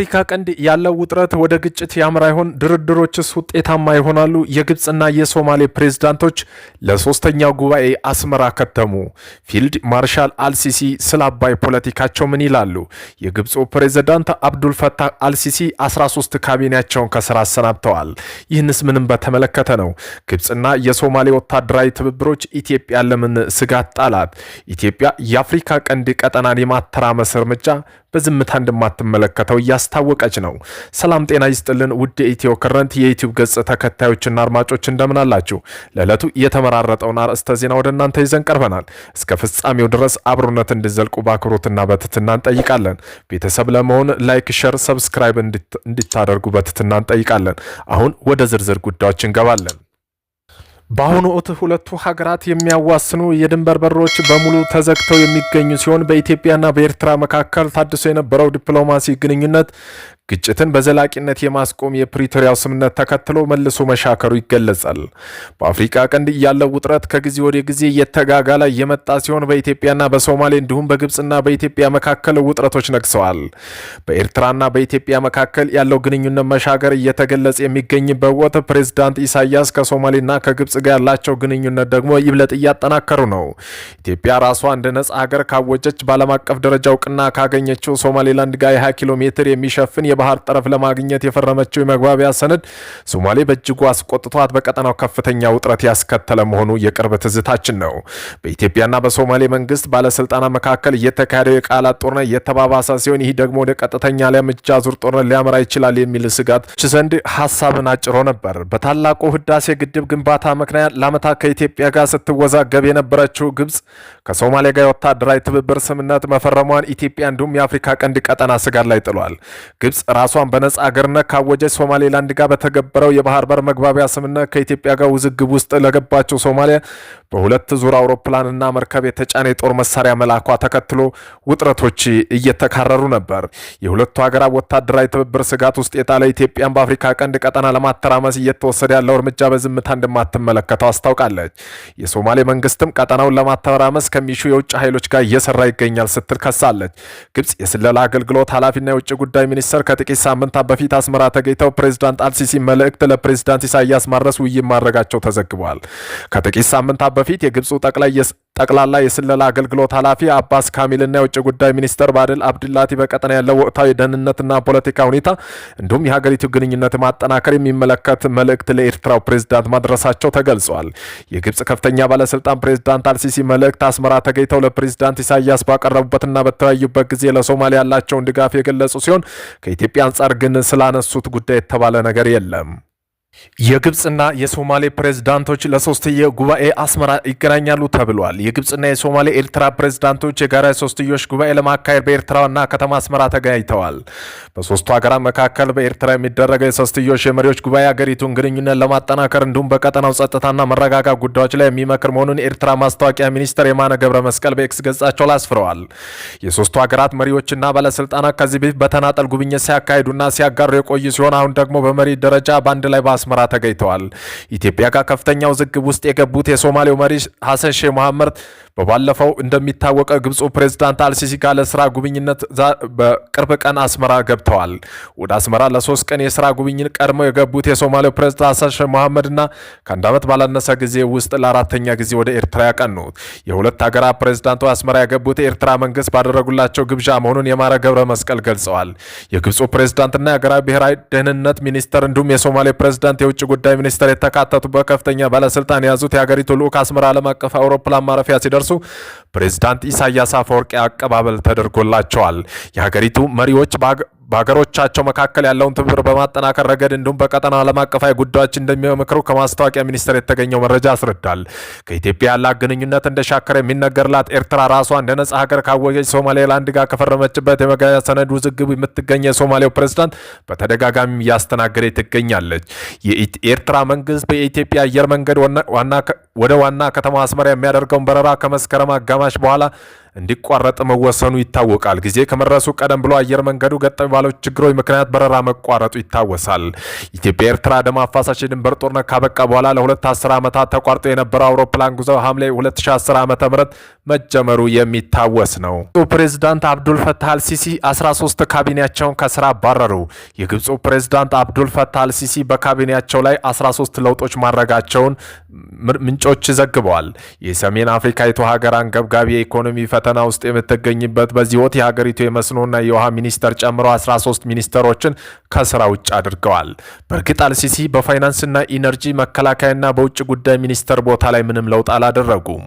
በአፍሪካ ቀንድ ያለው ውጥረት ወደ ግጭት ያምራ ይሆን? ድርድሮችስ ውጤታማ ይሆናሉ? የግብፅና የሶማሌ ፕሬዝዳንቶች ለሶስተኛው ጉባኤ አስመራ ከተሙ። ፊልድ ማርሻል አልሲሲ ስለ አባይ ፖለቲካቸው ምን ይላሉ? የግብፁ ፕሬዝዳንት አብዱል ፈታህ አልሲሲ 13 ካቢኔያቸውን ከስራ አሰናብተዋል። ይህንስ ምንም በተመለከተ ነው። ግብፅና የሶማሌ ወታደራዊ ትብብሮች ኢትዮጵያ ለምን ስጋት ጣላት? ኢትዮጵያ የአፍሪካ ቀንድ ቀጠናን የማተራመስ እርምጃ በዝምታ እንደማትመለከተው እያስታወቀች ነው። ሰላም ጤና ይስጥልን ውድ የኢትዮ ክረንት የዩቲዩብ ገጽ ተከታዮችና አድማጮች እንደምን አላችሁ? ለዕለቱ የተመራረጠውን አርዕስተ ዜና ወደ እናንተ ይዘን ቀርበናል። እስከ ፍጻሜው ድረስ አብሮነት እንዲዘልቁ በአክብሮትና በትትና እንጠይቃለን። ቤተሰብ ለመሆን ላይክ፣ ሸር፣ ሰብስክራይብ እንዲታደርጉ በትትና እንጠይቃለን። አሁን ወደ ዝርዝር ጉዳዮች እንገባለን። በአሁኑ ወቅት ሁለቱ ሀገራት የሚያዋስኑ የድንበር በሮች በሙሉ ተዘግተው የሚገኙ ሲሆን በኢትዮጵያና በኤርትራ መካከል ታድሶ የነበረው ዲፕሎማሲ ግንኙነት ግጭትን በዘላቂነት የማስቆም የፕሪቶሪያው ስምነት ተከትሎ መልሶ መሻከሩ ይገለጻል። በአፍሪካ ቀንድ ያለው ውጥረት ከጊዜ ወደ ጊዜ እየተጋጋለ የመጣ ሲሆን በኢትዮጵያና በሶማሌ እንዲሁም በግብፅና በኢትዮጵያ መካከል ውጥረቶች ነግሰዋል። በኤርትራና በኢትዮጵያ መካከል ያለው ግንኙነት መሻገር እየተገለጸ የሚገኝበት ወቅት ፕሬዝዳንት ኢሳያስ ከሶማሌና ከግብፅ ጋር ያላቸው ግንኙነት ደግሞ ይብለጥ እያጠናከሩ ነው። ኢትዮጵያ ራሷ እንደ ነጻ ሀገር ካወጀች በዓለም አቀፍ ደረጃ እውቅና ካገኘችው ሶማሌላንድ ጋር የ20 ኪሎ ሜትር የሚሸፍን ከባህር ጠረፍ ለማግኘት የፈረመችው የመግባቢያ ሰነድ ሶማሌ በእጅጉ አስቆጥቷት በቀጠናው ከፍተኛ ውጥረት ያስከተለ መሆኑ የቅርብ ትዝታችን ነው። በኢትዮጵያና በሶማሌ መንግስት ባለስልጣናት መካከል እየተካሄደው የቃላት ጦርነት እየተባባሰ ሲሆን ይህ ደግሞ ወደ ቀጥተኛ ለምጃ ዙር ጦርነት ሊያመራ ይችላል የሚል ስጋት ዘንድ ሀሳብን አጭሮ ነበር። በታላቁ ህዳሴ ግድብ ግንባታ ምክንያት ለዓመታት ከኢትዮጵያ ጋር ስትወዛገብ የነበረችው ግብጽ ከሶማሌ ጋር የወታደራዊ ትብብር ስምነት መፈረሟን ኢትዮጵያ እንዲሁም የአፍሪካ ቀንድ ቀጠና ስጋት ላይ ጥሏል። ግብጽ ራሷን በነጻ አገርነት ካወጀች ሶማሌላንድ ጋር በተገበረው የባህር በር መግባቢያ ስምነት ከኢትዮጵያ ጋር ውዝግብ ውስጥ ለገባቸው ሶማሊያ በሁለት ዙር አውሮፕላንና መርከብ የተጫነ የጦር መሳሪያ መላኳ ተከትሎ ውጥረቶች እየተካረሩ ነበር። የሁለቱ ሀገራት ወታደራዊ ትብብር ስጋት ውስጥ የጣለ ኢትዮጵያን በአፍሪካ ቀንድ ቀጠና ለማተራመስ እየተወሰደ ያለው እርምጃ በዝምታ እንደማትመለከተው አስታውቃለች። የሶማሌ መንግስትም ቀጠናውን ለማተራመስ ከሚሹ የውጭ ኃይሎች ጋር እየሰራ ይገኛል ስትል ከሳለች። ግብጽ የስለላ አገልግሎት ኃላፊና የውጭ ጉዳይ ሚኒስትር ከጥቂት ሳምንታት በፊት አስመራ ተገኝተው ፕሬዚዳንት አልሲሲ መልእክት ለፕሬዚዳንት ኢሳያስ ማድረስ ውይይት ማድረጋቸው ተዘግቧል። ከጥቂት ሳምንታት በፊት የግብፁ ጠቅላይ ጠቅላላ የስለላ አገልግሎት ኃላፊ አባስ ካሚልና የውጭ ጉዳይ ሚኒስትር ባድል አብድላቲ በቀጠና ያለው ወቅታዊ ደህንነትና ፖለቲካ ሁኔታ እንዲሁም የሀገሪቱ ግንኙነት ማጠናከር የሚመለከት መልእክት ለኤርትራው ፕሬዝዳንት ማድረሳቸው ተገልጿል። የግብፅ ከፍተኛ ባለስልጣን ፕሬዝዳንት አልሲሲ መልእክት አስመራ ተገኝተው ለፕሬዝዳንት ኢሳያስ ባቀረቡበትና በተወያዩበት ጊዜ ለሶማሊያ ያላቸውን ድጋፍ የገለጹ ሲሆን ከኢትዮጵያ አንጻር ግን ስላነሱት ጉዳይ የተባለ ነገር የለም። የግብፅና የሶማሌ ፕሬዝዳንቶች ለሶስትዮሽ ጉባኤ አስመራ ይገናኛሉ ተብሏል። የግብፅና የሶማሌ ኤርትራ ፕሬዝዳንቶች የጋራ የሶስትዮሽ ጉባኤ ለማካሄድ በኤርትራ ዋና ከተማ አስመራ ተገናኝተዋል። በሶስቱ ሀገራት መካከል በኤርትራ የሚደረገው የሶስትዮሽ የመሪዎች ጉባኤ ሀገሪቱን ግንኙነት ለማጠናከር እንዲሁም በቀጠናው ጸጥታና መረጋጋት ጉዳዮች ላይ የሚመክር መሆኑን የኤርትራ ማስታወቂያ ሚኒስትር የማነ ገብረ መስቀል በኤክስ ገጻቸው ላይ አስፍረዋል። የሶስቱ ሀገራት መሪዎችና ባለስልጣናት ከዚህ በፊት በተናጠል ጉብኝት ሲያካሂዱና ሲያጋሩ የቆዩ ሲሆን አሁን ደግሞ በመሪ ደረጃ በአንድ ላይ በአስመራ አስመራ ተገኝተዋል። ኢትዮጵያ ጋር ከፍተኛ ውዝግብ ውስጥ የገቡት የሶማሌው መሪ ሐሰን ሼህ መሐመድ በባለፈው እንደሚታወቀው ግብፁ ፕሬዝዳንት አልሲሲ ጋር ለስራ ጉብኝነት በቅርብ ቀን አስመራ ገብተዋል። ወደ አስመራ ለሶስት ቀን የስራ ጉብኝ ቀድመው የገቡት የሶማሌው ፕሬዝዳንት ሐሰን ሼህ መሐመድና ከአንድ ዓመት ባላነሰ ጊዜ ውስጥ ለአራተኛ ጊዜ ወደ ኤርትራ ያቀኑት የሁለት ሀገራት ፕሬዝዳንቱ አስመራ የገቡት የኤርትራ መንግስት ባደረጉላቸው ግብዣ መሆኑን የማረ ገብረ መስቀል ገልጸዋል። የግብፁ ፕሬዝዳንትና የሀገራዊ ብሔራዊ ደህንነት ሚኒስተር እንዲሁም የሶማሌ ፕሬዝዳንት ፕሬዚዳንት፣ የውጭ ጉዳይ ሚኒስትር የተካተቱበት ከፍተኛ ባለስልጣን የያዙት የሀገሪቱ ልዑክ አስመራ ዓለም አቀፍ አውሮፕላን ማረፊያ ሲደርሱ ፕሬዚዳንት ኢሳያስ አፈወርቂ አቀባበል ተደርጎላቸዋል። የሀገሪቱ መሪዎች በሀገሮቻቸው መካከል ያለውን ትብብር በማጠናከር ረገድ እንዲሁም በቀጠና ዓለም አቀፋዊ ጉዳዮች እንደሚመክሩ ከማስታወቂያ ሚኒስቴር የተገኘው መረጃ አስረዳል። ከኢትዮጵያ ያላት ግንኙነት እንደሻከረ የሚነገርላት ኤርትራ ራሷ እንደ ነጻ ሀገር ካወጀች ሶማሌላንድ ጋር ከፈረመችበት የመግባቢያ ሰነድ ውዝግብ የምትገኘ የሶማሌው ፕሬዝዳንት በተደጋጋሚ እያስተናገደ ትገኛለች። የኤርትራ መንግስት በኢትዮጵያ አየር መንገድ ወደ ዋና ከተማ አስመራ የሚያደርገውን በረራ ከመስከረም አጋማሽ በኋላ እንዲቋረጥ መወሰኑ ይታወቃል። ጊዜ ከመድረሱ ቀደም ብሎ አየር መንገዱ ገጠሚ ባለው ችግሮች ምክንያት በረራ መቋረጡ ይታወሳል። ኢትዮጵያ ኤርትራ ደም አፋሳሽ የድንበር ጦርነት ካበቃ በኋላ ለሁለት አስር ዓመታት ተቋርጦ የነበረው አውሮፕላን ጉዞ ሐምሌ 2010 ዓ ም መጀመሩ የሚታወስ ነው። ፕሬዚዳንት አብዱል ፈታህ አልሲሲ 13 ካቢኔያቸውን ከስራ ባረሩ። የግብፁ ፕሬዚዳንት አብዱል ፈታህ አልሲሲ በካቢኔያቸው ላይ 13 ለውጦች ማድረጋቸውን ምንጮች ዘግበዋል። የሰሜን አፍሪካዊቱ ሀገር አንገብጋቢ የኢኮኖሚ ፈተ ፈተና ውስጥ የምትገኝበት በዚህ ወቅት የሀገሪቱ የመስኖና የውሃ ሚኒስተር ጨምሮ 13 ሚኒስተሮችን ከስራ ውጭ አድርገዋል። በእርግጥ አልሲሲ በፋይናንስና ኢነርጂ፣ መከላከያና በውጭ ጉዳይ ሚኒስተር ቦታ ላይ ምንም ለውጥ አላደረጉም።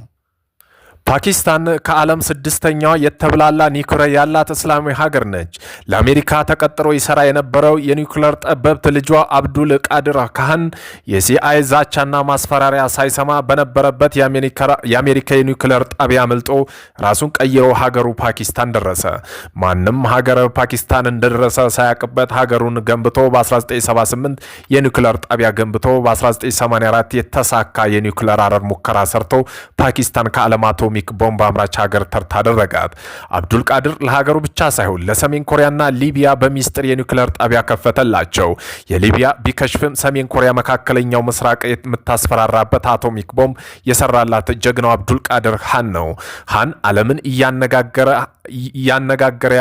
ፓኪስታን ከዓለም ስድስተኛዋ የተብላላ ኒኩለር ያላት እስላማዊ ሀገር ነች። ለአሜሪካ ተቀጥሮ ይሰራ የነበረው የኒኩለር ጠበብት ልጇ አብዱል ቃድር ካህን የሲአይ ዛቻና ማስፈራሪያ ሳይሰማ በነበረበት የአሜሪካ የኒኩለር ጣቢያ አምልጦ ራሱን ቀይሮ ሀገሩ ፓኪስታን ደረሰ። ማንም ሀገር ፓኪስታን እንደደረሰ ሳያቅበት ሀገሩን ገንብቶ በ1978 የኒኩለር ጣቢያ ገንብቶ በ1984 የተሳካ የኒኩለር አረር ሙከራ ሰርቶ ፓኪስታን ከዓለማቶ አቶሚክ ቦምብ አምራች ሀገር ተርታ አደረጋት። አብዱል ቃድር ለሀገሩ ብቻ ሳይሆን ለሰሜን ኮሪያና ሊቢያ በሚስጥር የኒውክሌር ጣቢያ ከፈተላቸው። የሊቢያ ቢከሽፍም ሰሜን ኮሪያ መካከለኛው ምስራቅ የምታስፈራራበት አቶሚክ ቦምብ የሰራላት ጀግናው አብዱል ቃድር ሃን ነው። ሃን ዓለምን እያነጋገረ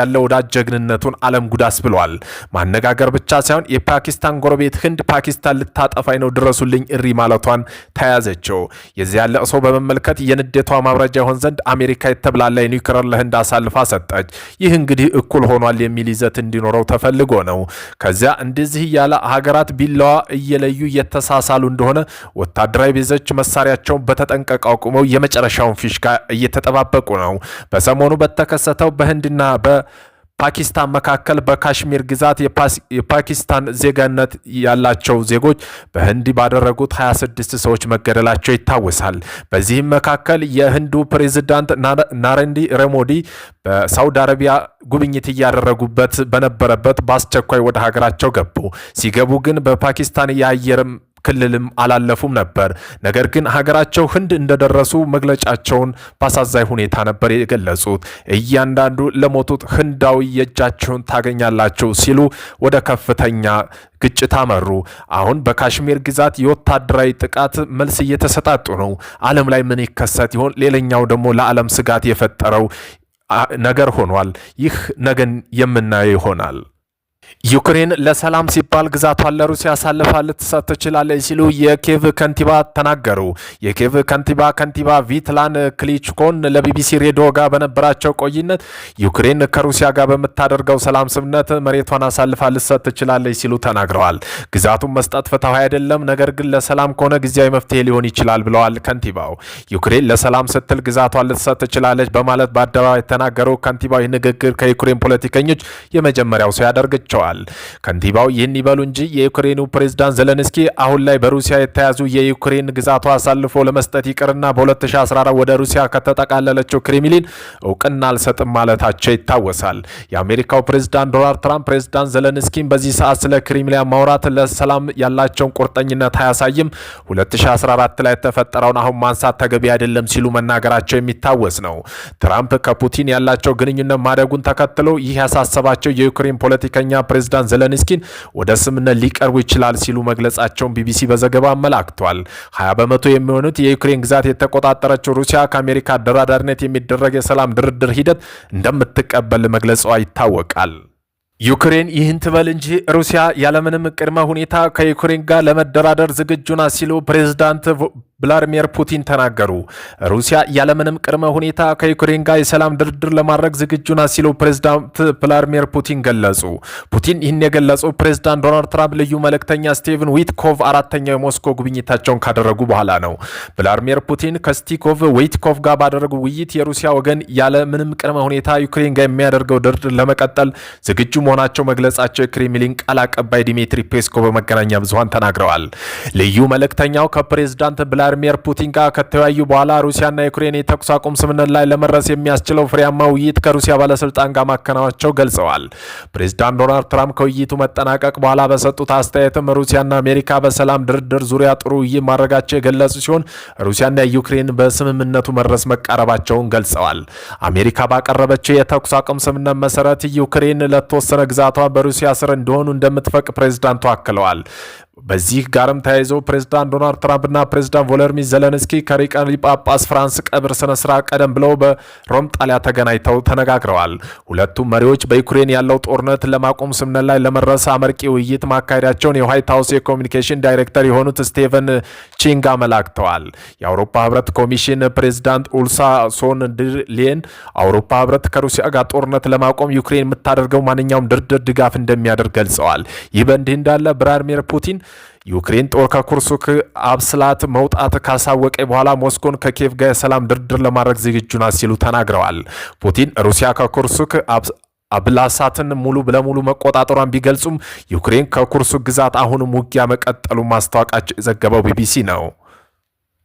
ያለ ወዳጅ ጀግንነቱን ዓለም ጉዳስ ብሏል። ማነጋገር ብቻ ሳይሆን የፓኪስታን ጎረቤት ህንድ ፓኪስታን ልታጠፋኝ ነው ድረሱልኝ እሪ ማለቷን ተያዘችው። የዚያ ለቅሶ በመመልከት የንዴቷ ማብረጃ ይሆን ዘንድ አሜሪካ የተብላላ የኒውክለር ለህንድ አሳልፋ ሰጠች። ይህ እንግዲህ እኩል ሆኗል የሚል ይዘት እንዲኖረው ተፈልጎ ነው። ከዚያ እንደዚህ እያለ ሀገራት ቢላዋ እየለዩ እየተሳሳሉ እንደሆነ ወታደራዊ ቤዘች መሳሪያቸውን በተጠንቀቅ አቁመው የመጨረሻውን ፊሽካ እየተጠባበቁ ነው። በሰሞኑ በተከሰተው በህንድና በ ፓኪስታን መካከል በካሽሚር ግዛት የፓኪስታን ዜጋነት ያላቸው ዜጎች በህንድ ባደረጉት 26 ሰዎች መገደላቸው ይታወሳል። በዚህም መካከል የህንዱ ፕሬዚዳንት ናሬንዲ ሬሞዲ በሳውዲ አረቢያ ጉብኝት እያደረጉበት በነበረበት በአስቸኳይ ወደ ሀገራቸው ገቡ። ሲገቡ ግን በፓኪስታን የአየርም ክልልም አላለፉም ነበር። ነገር ግን ሀገራቸው ህንድ እንደደረሱ መግለጫቸውን በአሳዛኝ ሁኔታ ነበር የገለጹት። እያንዳንዱ ለሞቱት ህንዳዊ የእጃችሁን ታገኛላችሁ ሲሉ ወደ ከፍተኛ ግጭት አመሩ። አሁን በካሽሚር ግዛት የወታደራዊ ጥቃት መልስ እየተሰጣጡ ነው። ዓለም ላይ ምን ይከሰት ይሆን? ሌላኛው ደግሞ ለዓለም ስጋት የፈጠረው ነገር ሆኗል። ይህ ነገን የምናየው ይሆናል። ዩክሬን ለሰላም ሲባል ግዛቷን ለሩሲያ አሳልፋ ልትሰጥ ትችላለች ሲሉ የኬቭ ከንቲባ ተናገሩ። የኬቭ ከንቲባ ከንቲባ ቪትላን ክሊችኮን ለቢቢሲ ሬዲዮ ጋር በነበራቸው ቆይነት ዩክሬን ከሩሲያ ጋር በምታደርገው ሰላም ስምነት መሬቷን አሳልፋ ልትሰጥ ትችላለች ሲሉ ተናግረዋል። ግዛቱን መስጠት ፍትሐዊ አይደለም፣ ነገር ግን ለሰላም ከሆነ ጊዜያዊ መፍትሄ ሊሆን ይችላል ብለዋል ከንቲባው። ዩክሬን ለሰላም ስትል ግዛቷን ልትሰጥ ትችላለች በማለት በአደባባይ የተናገረው ከንቲባው ይህ ንግግር ከዩክሬን ፖለቲከኞች የመጀመሪያው ሰው ያደርግቸዋል። ተናግረዋል። ከንቲባው ይህን ይበሉ እንጂ የዩክሬኑ ፕሬዝዳንት ዘለንስኪ አሁን ላይ በሩሲያ የተያዙ የዩክሬን ግዛቷ አሳልፎ ለመስጠት ይቅርና በ2014 ወደ ሩሲያ ከተጠቃለለችው ክሬምሊን እውቅና አልሰጥም ማለታቸው ይታወሳል። የአሜሪካው ፕሬዝዳንት ዶናልድ ትራምፕ ፕሬዝዳንት ዘለንስኪን በዚህ ሰዓት ስለ ክሬምሊያ ማውራት ለሰላም ያላቸውን ቁርጠኝነት አያሳይም፣ 2014 ላይ የተፈጠረውን አሁን ማንሳት ተገቢ አይደለም ሲሉ መናገራቸው የሚታወስ ነው። ትራምፕ ከፑቲን ያላቸው ግንኙነት ማደጉን ተከትሎ ይህ ያሳሰባቸው የዩክሬን ፖለቲከኛ ፕሬዝዳንት ዘለንስኪን ወደ ስምነት ሊቀርቡ ይችላል ሲሉ መግለጻቸውን ቢቢሲ በዘገባ አመላክቷል። 20 በመቶ የሚሆኑት የዩክሬን ግዛት የተቆጣጠረችው ሩሲያ ከአሜሪካ አደራዳሪነት የሚደረግ የሰላም ድርድር ሂደት እንደምትቀበል መግለጿ ይታወቃል። ዩክሬን ይህን ትበል እንጂ ሩሲያ ያለምንም ቅድመ ሁኔታ ከዩክሬን ጋር ለመደራደር ዝግጁ ናት ሲሉ ፕሬዝዳንት ቭላድሚር ፑቲን ተናገሩ። ሩሲያ ያለምንም ቅድመ ሁኔታ ከዩክሬን ጋር የሰላም ድርድር ለማድረግ ዝግጁ ናት ሲሉ ፕሬዚዳንት ቭላድሚር ፑቲን ገለጹ። ፑቲን ይህን የገለጹ ፕሬዚዳንት ዶናልድ ትራምፕ ልዩ መልእክተኛ ስቲቭን ዊትኮቭ አራተኛው የሞስኮ ጉብኝታቸውን ካደረጉ በኋላ ነው። ቭላድሚር ፑቲን ከስቲኮቭ ዊትኮቭ ጋር ባደረጉ ውይይት የሩሲያ ወገን ያለምንም ቅድመ ሁኔታ ዩክሬን ጋር የሚያደርገው ድርድር ለመቀጠል ዝግጁ መሆናቸው መግለጻቸው የክሬምሊን ቃል አቀባይ ዲሚትሪ ፔስኮቭ በመገናኛ ብዙሀን ተናግረዋል። ልዩ መልእክተኛው ከፕሬዚዳንት ቭላዲሚር ፑቲን ጋር ከተወያዩ በኋላ ሩሲያና ዩክሬን የተኩስ አቁም ስምምነት ላይ ለመድረስ የሚያስችለው ፍሬያማ ውይይት ከሩሲያ ባለስልጣን ጋር ማከናወናቸው ገልጸዋል። ፕሬዚዳንት ዶናልድ ትራምፕ ከውይይቱ መጠናቀቅ በኋላ በሰጡት አስተያየትም ሩሲያና አሜሪካ በሰላም ድርድር ዙሪያ ጥሩ ውይይት ማድረጋቸው የገለጹ ሲሆን ሩሲያና ዩክሬን በስምምነቱ መድረስ መቃረባቸውን ገልጸዋል። አሜሪካ ባቀረበችው የተኩስ አቁም ስምምነት መሰረት ዩክሬን ለተወሰነ ግዛቷ በሩሲያ ስር እንዲሆኑ እንደምትፈቅ ፕሬዚዳንቱ አክለዋል። በዚህ ጋርም ተያይዘው ፕሬዝዳንት ዶናልድ ትራምፕና ፕሬዝዳንት ቮሎድሚር ዘለንስኪ ከሪቀን ጳጳስ ፍራንስ ቀብር ስነስርዓት ቀደም ብለው በሮም ጣሊያ ተገናኝተው ተነጋግረዋል። ሁለቱም መሪዎች በዩክሬን ያለው ጦርነት ለማቆም ስምነት ላይ ለመድረስ አመርቂ ውይይት ማካሄዳቸውን የዋይት ሀውስ የኮሚኒኬሽን ዳይሬክተር የሆኑት ስቴቨን ቺንግ አመላክተዋል። የአውሮፓ ህብረት ኮሚሽን ፕሬዝዳንት ኡርሳ ሶን ድር አውሮፓ ህብረት ከሩሲያ ጋር ጦርነት ለማቆም ዩክሬን የምታደርገው ማንኛውም ድርድር ድጋፍ እንደሚያደርግ ገልጸዋል። ይህ በእንዲህ እንዳለ ቭላድሚር ፑቲን ዩክሬን ጦር ከኩርሱክ አብስላት መውጣት ካሳወቀ በኋላ ሞስኮን ከኬቭ ጋር የሰላም ድርድር ለማድረግ ዝግጁ ናት ሲሉ ተናግረዋል። ፑቲን ሩሲያ ከኩርሱክ አብላሳትን ሙሉ ለሙሉ መቆጣጠሯን ቢገልጹም ዩክሬን ከኩርሱክ ግዛት አሁንም ውጊያ መቀጠሉ ማስታወቃቸው የዘገበው ቢቢሲ ነው።